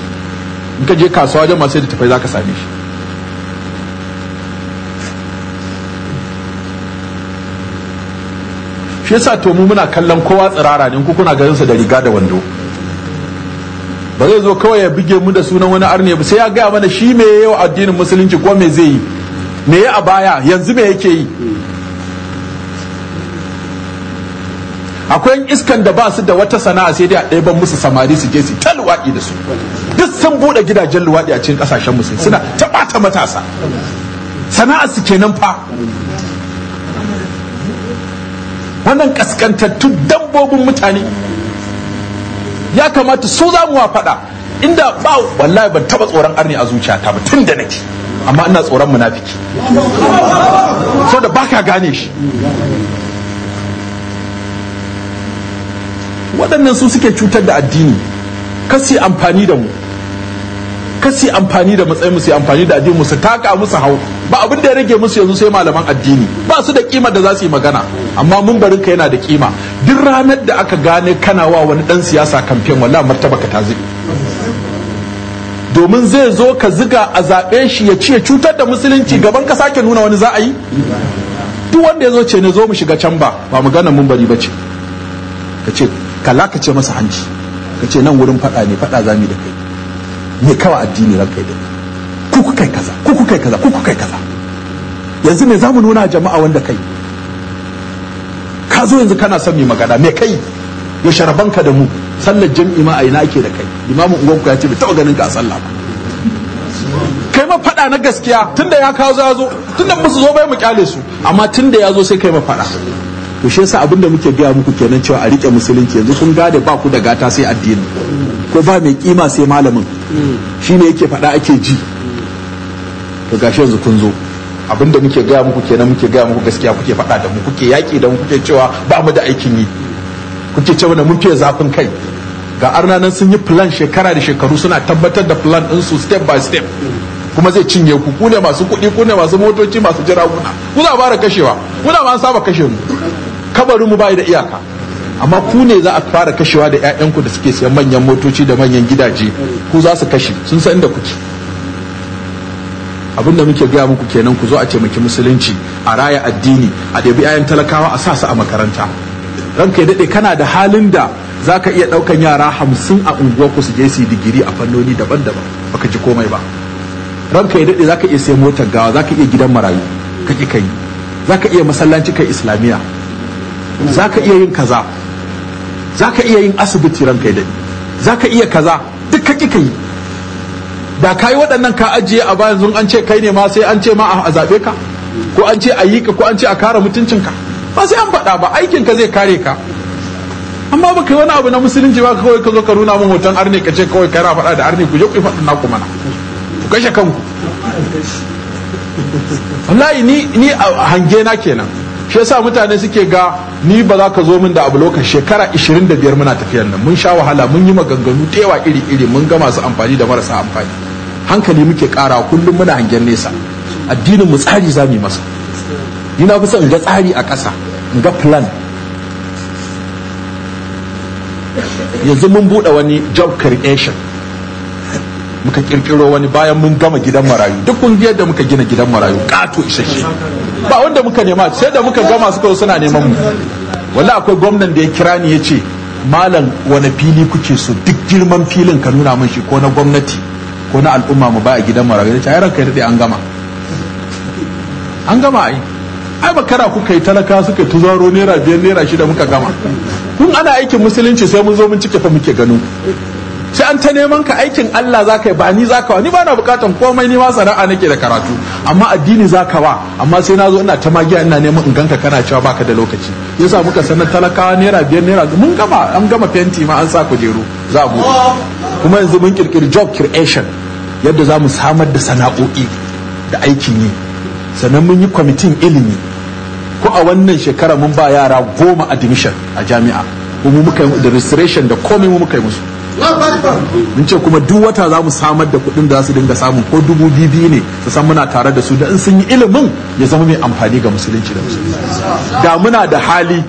in ka je kasuwa wajen masu da tafai za ka same shi shi yasa to mu muna kallon kowa tsirara ne ku kuna ganin sa da riga da wando ba zai zo kawai ya buge mu da sunan wani arne ba sai ya gaya mana shi me yayi addinin musulunci ko me zai yi me ya a baya yanzu me yake yi akwai iskan da ba su da wata sana'a sai dai a ɗaya musu samari su je su ta luwaɗi da su duk sun buɗe gidajen luwaɗi a cikin ƙasashen musulmi suna ta ɓata matasa sana'a su kenan fa wannan kaskantattun dabbobin mutane ya kamata su za mu wa faɗa inda ba wallahi ban taba tsoron arni a zuciyata ba tun da nake amma ina tsoron munafiki so da baka gane shi waɗannan su suke cutar da addini kasi amfani da mu kasi amfani da matsayin su amfani da mu su taka musu hau ba abin da ya rage musu yanzu sai malaman addini ba su da kima da za su yi magana amma mun barin ka yana da kima duk ranar da aka gane kana wa wani dan siyasa kamfen wallahi martaba ka ta zube domin zai zo ka ziga a zaɓe shi ya ce cutar da musulunci gaban ka sake nuna wani za a yi duk wanda ya zo ce ne zo mu shiga can ba ba magana mun bari ba ce ka ce kala ka ce masa hanci ka ce nan wurin faɗa ne faɗa da kai ne kawa addini ranka da ku ku kai kaza ku ku kai kaza ku ku kai kaza yanzu me zamu nuna jama'a wanda kai ka zo yanzu kana son mai magana me kai ya sharabanka da mu sallar jami'i ma a ina ake da kai imamin unguwanku ya ce bai taɓa ganin ka a sallah ba kai ma faɗa na gaskiya tunda ya kawo ya zo tunda ba su zo bai mu kyale su amma tunda ya zo sai kai ma faɗa to shi yasa abinda muke gaya muku kenan cewa a rike musulunci yanzu kun gade ba ku da gata sai addini ko ba mai kima sai malamin Shi ne yake faɗa ake ji to gashi yanzu kun zo abinda muke gaya muku kenan muke gaya muku gaskiya kuke faɗa da mu kuke yaƙi da mu kuke cewa ba mu da aikin yi kuke cewa da mun fiye zafin kai ga arna nan sun yi plan shekara da shekaru suna tabbatar da plan ɗinsu step by step kuma zai cinye ku ku ne masu kuɗi ku ne masu motoci masu jiraguna kuna ba da kashewa kuna ba an saba kashe mu kabarin mu bai da iyaka amma ku ne za a fara kashewa da 'ya'yanku da suke siyan manyan motoci da manyan gidaje ku za su kashe sun san inda kuke abin muke gaya muku kenan ku zo a taimaki musulunci a raya addini a ɗabi 'ya'yan talakawa a sa su a makaranta ranka ya daɗe kana da halin da za ka iya ɗaukan yara hamsin a unguwarku su je su digiri a fannoni daban-daban baka ji komai ba ranka ya daɗe za ka iya sayan motar gawa za ka iya gidan marayu kake kai za ka iya masallaci kai islamiyya za ka iya yin kaza za ka iya yin asibiti ranka da za ka iya kaza duk ka ki yi da ka yi waɗannan ka ajiye a bayan zun an ce kai ne ma sai an ce ma a zaɓe ka ko an ce a yi ka ko an ce a kare mutuncinka ba sai an faɗa ba aikin ka zai kare ka amma baka yi wani abu na musulunci ba kawai ka zo ka nuna min hoton arne ka ce kawai ra faɗa da arne ku je ku yi faɗin naku mana ku kashe kanku wallahi ni ni hange na kenan shi yasa mutane suke ga ni ba za ka zo min da abu lokacin shekara 25 muna tafiyar nan mun sha wahala mun yi maganganu tewa iri iri mun ga masu amfani da marasa amfani hankali muke kara kullum muna hangen nesa addinin mu tsari za mu masa ni na fi son ga tsari a ƙasa in ga plan yanzu mun buɗe wani job creation muka kirkiro wani bayan mun gama gidan marayu duk kungiyar da muka gina gidan marayu kato isasshe ba wanda muka nema sai da muka gama suka suna neman mu wala akwai gwamnan da ya kira ni ya ce malam wani fili kuke so duk girman filin ka nuna min shi ko na gwamnati ko na al'umma mu baya gidan marayu ya ai ranka an gama an gama ai ai makara kuka yi talaka suka tuzaro naira biyar naira shida muka gama kun ana aikin musulunci sai mun zo mun cike fa muke gano sai an ta neman ka aikin Allah za ka yi ba ni za ka wa ni ba na bukatan komai ni ma sana'a nake da karatu amma addini za ka wa amma sai na zo ina ta magiya ina neman in ganka kana cewa baka da lokaci yasa muka sanar talakawa naira biyar naira mun gama an gama fenti ma an sa kujeru za a kuma yanzu mun kirkiri job creation yadda za mu samar da sana'o'i da aikin yi sannan mun yi kwamitin ilimi ko a wannan shekara mun ba yara goma admission a jami'a mu muka yi da da komai muka yi musu mun ce kuma duk wata za mu samar da kuɗin da za su dinga samun ko dubu biyu ne su san muna tare da su da in sun yi ilimin ya zama mai amfani ga musulunci da musulunci da muna da hali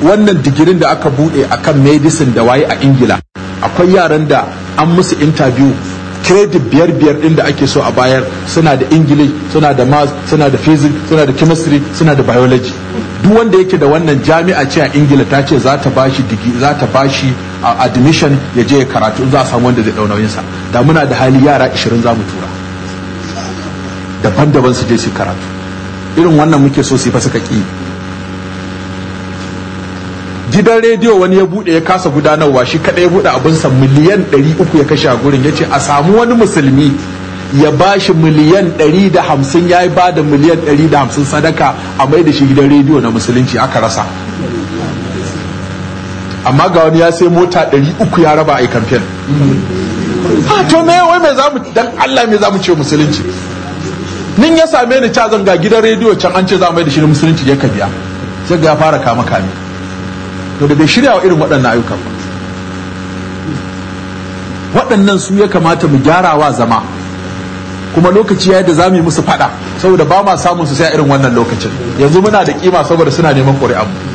wannan digirin da aka buɗe kan medicine da waye a ingila akwai yaran da an musu interview credit biyar biyar din da ake so a bayar suna da english suna da math suna da physics suna da chemistry suna da biology duk wanda yake da wannan jami'a ce a ingila ta ce za ta bashi za ta bashi admission ya je karatu za a samu wanda zai dau da muna da hali yara 20 za mu tura daban-daban su je su karatu irin wannan muke so su fa suka ki gidan rediyo wani ya bude ya kasa gudanarwa shi kada ya bude abinsa miliyan 300 ya kashe a gurin ya ce a samu wani musulmi ya ba shi miliyan 150 ya yi ba da miliyan 150 sadaka a mai da shi gidan rediyo na musulunci aka rasa amma ga wani ya sai mota 300 ya raba a yi kamfen to me wai mai zamu dan Allah mai zamu ce musulunci nin ya same ni ca ga gidan rediyo can an ce za mu yi da shi musulunci ya ka biya sai ga ya fara kama kame to da bai shirya wa irin waɗannan ayyukan ba waɗannan su ya kamata mu gyara wa zama kuma lokaci ya da za mu yi musu faɗa saboda ba ma samun su sai a irin wannan lokacin yanzu muna da kima saboda suna neman ƙuri'an mu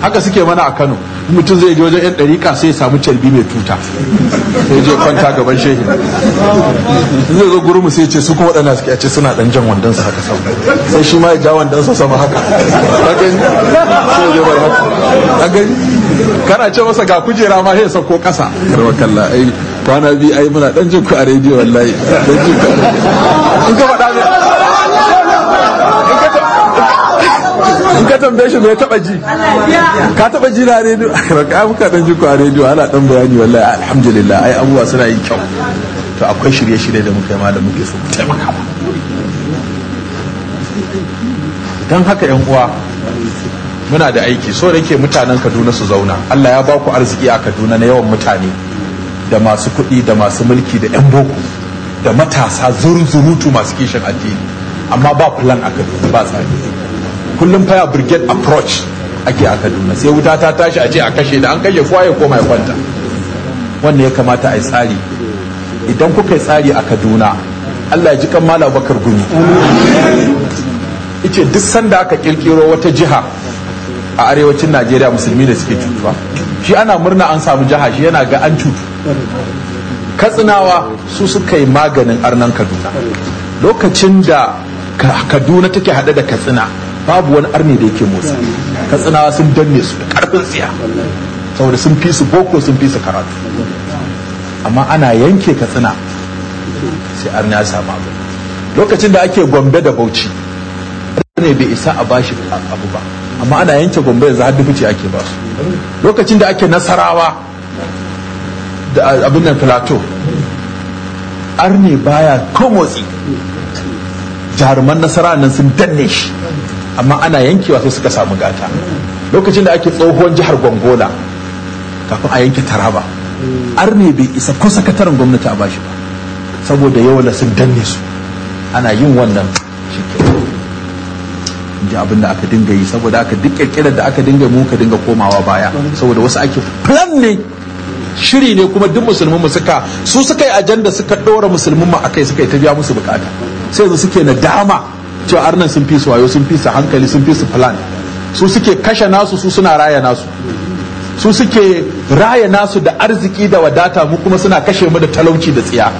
haka suke mana a Kano mutum zai je wajen yan ɗarika sai ya samu carbi mai tuta sai je kwanta gaban shehi zai zo guri mu sai ce su kuma waɗanda suke ce suna ɗan jan wandon su haka sama sai shi ma ya ja wandon su sama haka gani kana ce masa ga kujera ma sai sauko ƙasa kalla kwana biyu ai muna ɗan jin ku a rediyo wallahi ɗan jin ku in ka faɗa in ka tambaye shi bai taba ji ka taba ji na rediyo ka muka dan ji a rediyo ana dan bayani wallahi alhamdulillah ai abubuwa suna yin kyau to akwai shirye-shirye da muka yi ma da muke so taimaka don haka yan uwa muna da aiki so da ke mutanen kaduna su zauna allah ya ba ku arziki a kaduna na yawan mutane da masu kuɗi da masu mulki da 'yan boko da matasa zurzurutu masu kishin addini amma ba plan a kaduna ba tsari kullum fire brigade approach ake a kaduna sai wuta ta tashi a ce a kashe da an kashe kuwa ya koma ya kwanta wannan ya kamata a yi tsari idan kuka yi tsari a kaduna allah ya ji kan mala bakar guni ice duk sanda aka kirkiro wata jiha a arewacin najeriya musulmi da suke cutuwa shi ana murna an samu jiha shi yana ga an cutu katsinawa su suka yi maganin arnan kaduna lokacin da kaduna take hade da katsina babu wani arne da yake motsi tsina sun danne su da karfin tsiya saboda sun fi su boko sun fi su karatu amma ana yanke katsina sai arne ya samu abu lokacin da ake gombe da bauchi ne bai isa a bashi abu ba amma ana yanke gombe yanzu har dubuci ake ba su lokacin da ake nasarawa da abin nan filato. arne baya ko motsi jaruman nasara nan sun danne shi amma ana yankewa sai suka samu gata lokacin da ake tsohon jihar gongola kafin a yanke taraba arne bai isa ko sakataren gwamnati a bashi ba saboda yawan sun danne su ana yin wannan shi ji abin da aka dinga yi saboda aka duk kirkirar da aka dinga mu dinga komawa baya saboda wasu ake plan ne shiri ne kuma duk musulmin suka su suka yi ajanda suka dora musulmin mu akai suka yi ta biya musu bukata sai yanzu suke dama cewa arnan sun fi su wayo sun fi su hankali sun fi su plan su suke kashe nasu su suna raya nasu su suke raya nasu da arziki da wadata mu kuma suna kashe mu da talauci da tsiya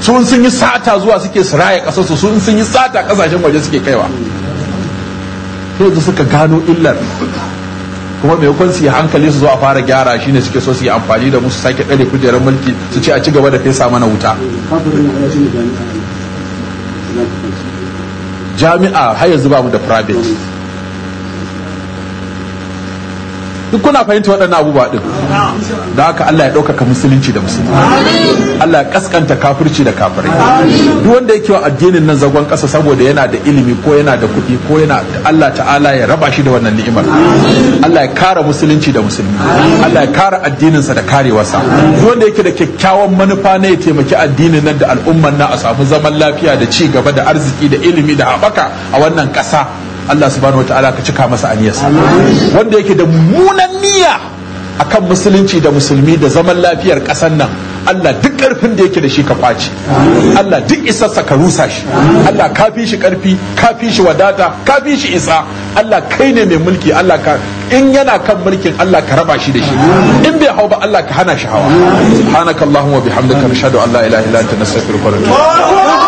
su sun yi sata zuwa suke su raya kasarsu su sun yi sata kasashen waje suke kaiwa sai su suka gano illar kuma mai su hankali su zo a fara gyara shi ne suke so su yi amfani da musu sake ɗare kujerar mulki su ce a ci gaba da fesa mana wuta jami'a har yanzu ba mu da private duk kuna fahimta waɗannan abubuwa din da haka Allah ya ɗaukaka musulunci da musulunci. Allah ya kaskanta kafirci da kafirai duk wanda yake wa addinin nan zagon ƙasa saboda yana da ilimi ko yana da kuɗi ko yana Allah ta'ala ya raba shi da wannan ni'imar Allah ya kara musulunci da musulmi Allah ya kara addininsa da karewarsa duk wanda yake da kyakkyawan manufa ne ya taimaki addinin nan da al'ummar na a samu zaman lafiya da ci gaba da arziki da ilimi da haɓaka a wannan ƙasa Allah subhanahu wataala ka cika masa aniyarsa wanda yake da mummunan niyya akan musulunci da musulmi da zaman lafiyar kasan nan Allah duk ƙarfin da yake da shi ka kwace Allah duk isarsa ka rusa shi Allah ka fi shi ƙarfi ka fi shi wadata ka fi shi isa Allah kai ne mai mulki Allah ka in yana kan mulkin Allah ka raba shi da shi in bai hau ba Allah ka hana shi hawa subhanakallahumma bihamdika nashhadu an la ilaha illa anta astaghfiruka wa natubu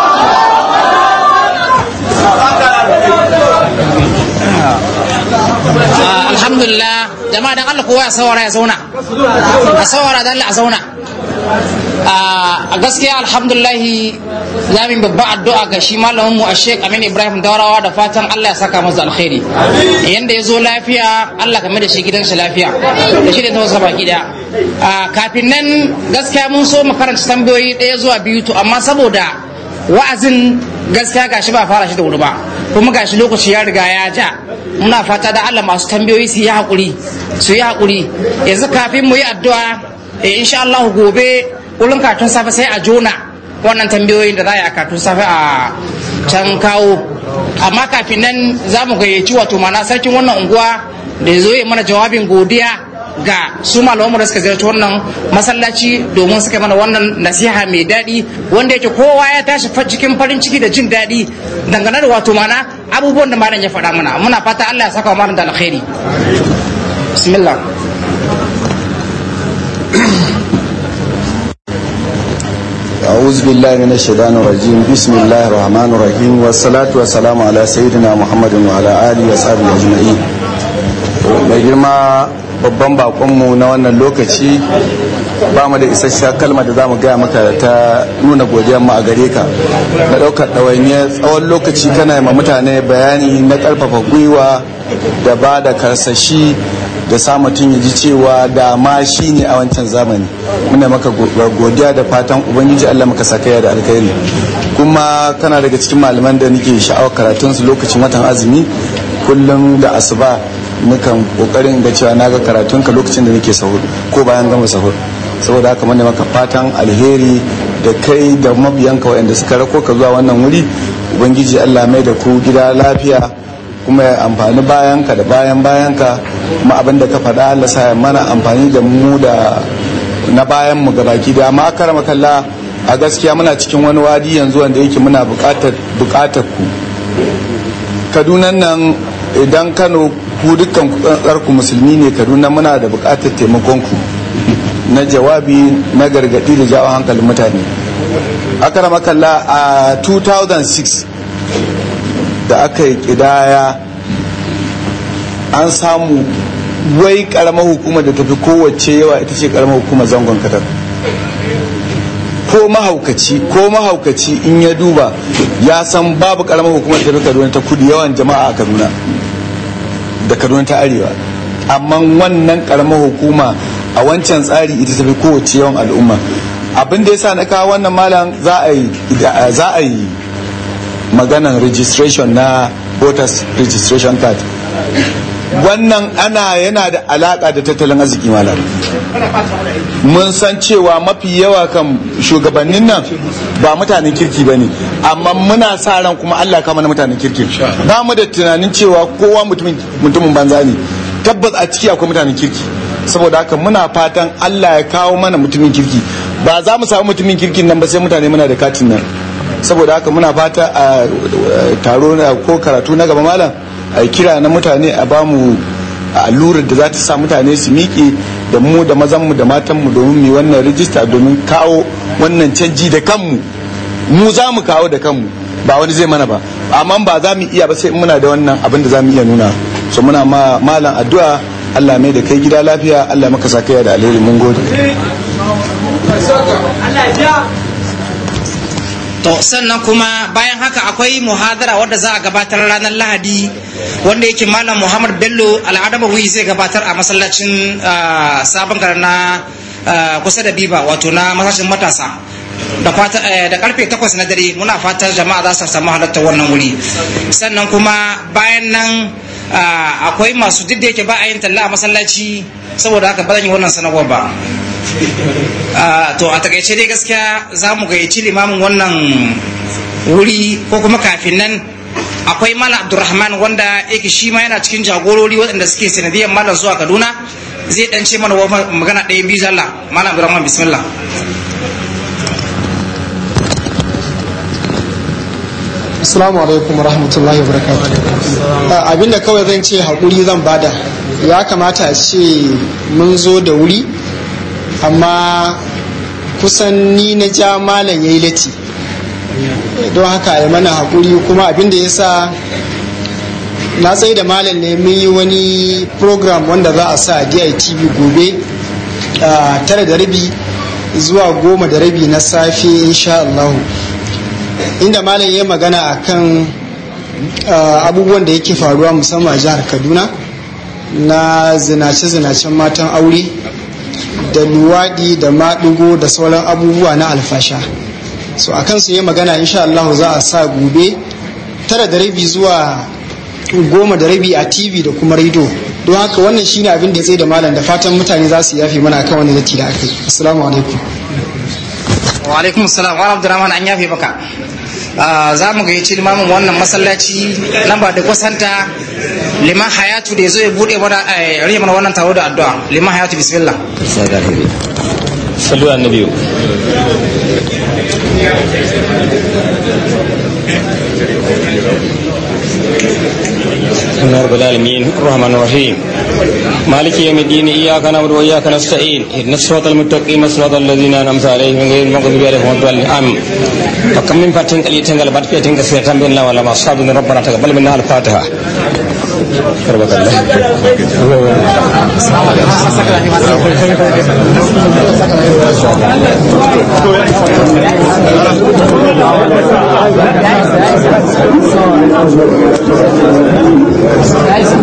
Ah, alhamdulillah jama'a dan Allah kowa ya saurara ya zauna a saurara dan Allah a zauna ah, a gaskiya alhamdulillah za min babba addu'a ga shi malamin mu a Sheikh Amin Ibrahim Daurawa da fatan Allah ya saka masa alkhairi yanda ya zo lafiya Allah ka da shi gidan shi lafiya da shi da ta wasa baki daya ah, kafin nan gaskiya mun so mu karanta tambayoyi ɗaya zuwa biyu to amma saboda wa'azin gaskiya gashi ba fara shi da wuri ba kuma gashi lokaci ya riga ya ja muna fata da Allah masu tambayoyi su yi hakuri su yi hakuri yanzu kafin mu yi addu'a eh insha Allah gobe kullun katun safe sai a jona wannan tambayoyin da za a katun safe a can kawo amma kafin nan za mu gayyaci wato mana sarkin wannan unguwa da ya zo ya mana jawabin godiya ga su malamanmu da suka ziyarci wannan masallaci domin suka mana wannan nasiha mai daɗi wanda yake kowa ya tashi cikin farin ciki da jin daɗi dangane da wato mana abubuwan da malam ya faɗa mana muna fata Allah ya saka malam da alkhairi bismillah أعوذ بالله من الشيطان الرجيم بسم الله الرحمن الرحيم والصلاة والسلام على سيدنا محمد وعلى آله وصحبه أجمعين mai girma babban bakonmu na wannan lokaci ba mu da isasshen kalma da za mu gaya maka ta nuna godiyar mu a gare ka na ɗaukar ɗawainiyar tsawon lokaci kana ma mutane bayani na karfafa gwiwa da ba da karsashi da sa mutum ya ji cewa da ma shi ne a wancan zamani muna maka godiya da fatan ubangiji allah maka sakaya da alkhairi kuma kana daga cikin malaman da nake sha'awar karatun su lokacin watan azumi kullum da asuba nukan kokarin ga cewa na ga karatun ka lokacin da nake sahur ko bayan gama sahur saboda haka mana maka fatan alheri da kai da mabiyanka waɗanda suka rako ka zuwa wannan wuri ubangiji allah mai da ku gida lafiya kuma ya amfani bayanka da bayan bayanka kuma abin da ka faɗa allah sa mana amfani da mu da na bayan mu gaba gida amma karama kalla a gaskiya muna cikin wani wadi yanzu wanda yake muna buƙatar ku kadunan nan idan kano ku dukkan ku musulmi ne kaduna muna da bukatar taimakonku na jawabi na gargadi da jawo hankalin mutane rama kalla a 2006 da aka yi ƙidaya an samu wai karamar hukuma da tafi kowace yawa ita ce karamar hukuma zangon katar ko mahaukaci ko mahaukaci in ya duba ya san babu karamar hukumar da kaduna ta kudi yawan jama'a a kaduna da kaduna ta arewa amma wannan karamar hukuma a wancan tsari ita tafi kowace yawan al'umma abin da sa na kawo wannan malam za a yi maganan registration na voters registration card wannan ana yana da alaka da tattalin arziki malar mun san cewa mafi yawa kan shugabannin nan ba mutanen kirki ba ne amma muna sa ran kuma allah kama na mutanen kirki ba mu da tunanin cewa kowa mutumin banza ne tabbas a ciki akwai mutanen kirki saboda haka muna fatan allah ya kawo mana mutumin kirki ba za mu samu mutumin kirkin nan ba sai mutane muna da katin nan saboda haka muna fata a taro ko karatu na gaba malam a kira na mutane a ba bamu allurar da za ta sa mutane su miƙe da mu da mazanmu da matanmu domin mu wannan rijista domin kawo wannan canji da kanmu mu za mu kawo da kanmu ba wani zai mana ba amma ba za mu iya ba sai muna da wannan abin da za mu iya nuna so muna ma malam addu'a Allah mai da kai gida lafiya Allah maka sa da alheri mun gode to sannan kuma bayan haka akwai muhadara wadda za a gabatar ranar lahadi wanda yake malam muhammad bello al'adamawi zai gabatar a masallacin sabon garin na kusa da biba wato na masashin matasa eh, da karfe takwas na dare muna fatan jama'a za su samu halatta wannan wuri sannan kuma bayan nan akwai masu duk da yake ba a yin talla a masallaci saboda haka ba zan yi wannan sanarwar ba Ah, to a takaice dai gaskiya za mu gayyaci limamin wannan wuri ko kuma kafin nan akwai mala abdurrahman wanda yake shi ma yana cikin jagorori waɗanda suke sanadiyar mala zuwa kaduna zai dan ce mana magana ɗaya biyu zalla mala abdurrahman bismillah Assalamu alaikum rahmatullahi wa ah, Abinda kawai zan ce haƙuri zan bada ya kamata a ce mun zo da wuri amma kusan ni na ja malam ya yi lati don haka ya mana haƙuri kuma abinda ya sa na tsaye da malam ne mun yi wani program wanda za a sa DITV gobe a tara da rabi zuwa goma da rabi na safe insha Allah inda malam ya magana a kan abubuwan da yake faruwa musamman a jihar Kaduna na zinace-zinacen matan aure da luwaɗi da maɗigo da sauran abubuwa na alfasha so a kansu yi magana insha Allah za a sa gobe tara da rabi zuwa goma da rabi a tv da kuma rido don haka wannan shine abin da ya tsaye da malam da fatan mutane za su yafe mana akan wani zaki da aka yi assalamu alaikum wa alaikum assalam wa rahmatullahi an yafe baka za mu gayyaci limamin wannan masallaci nan ba da kusanta liman hayatu da ya zo ya bude mana eh, rage mana wannan taro da addu'a liman hayatu bismillah sallu annabi بسم الله رب العالمين الرحمن الرحيم مالك يوم الدين إياك نعبد وإياك نستعين إن الصراط المستقيم صراط الذين أنعمت عليهم غير المغضوب عليهم ولا الضالين فكم من فتن قليل تنقل بعد فتن تنقل سيرة الله ولا ما أصحاب من ربنا تقبل منا الفاتحة تربك الله Thank you.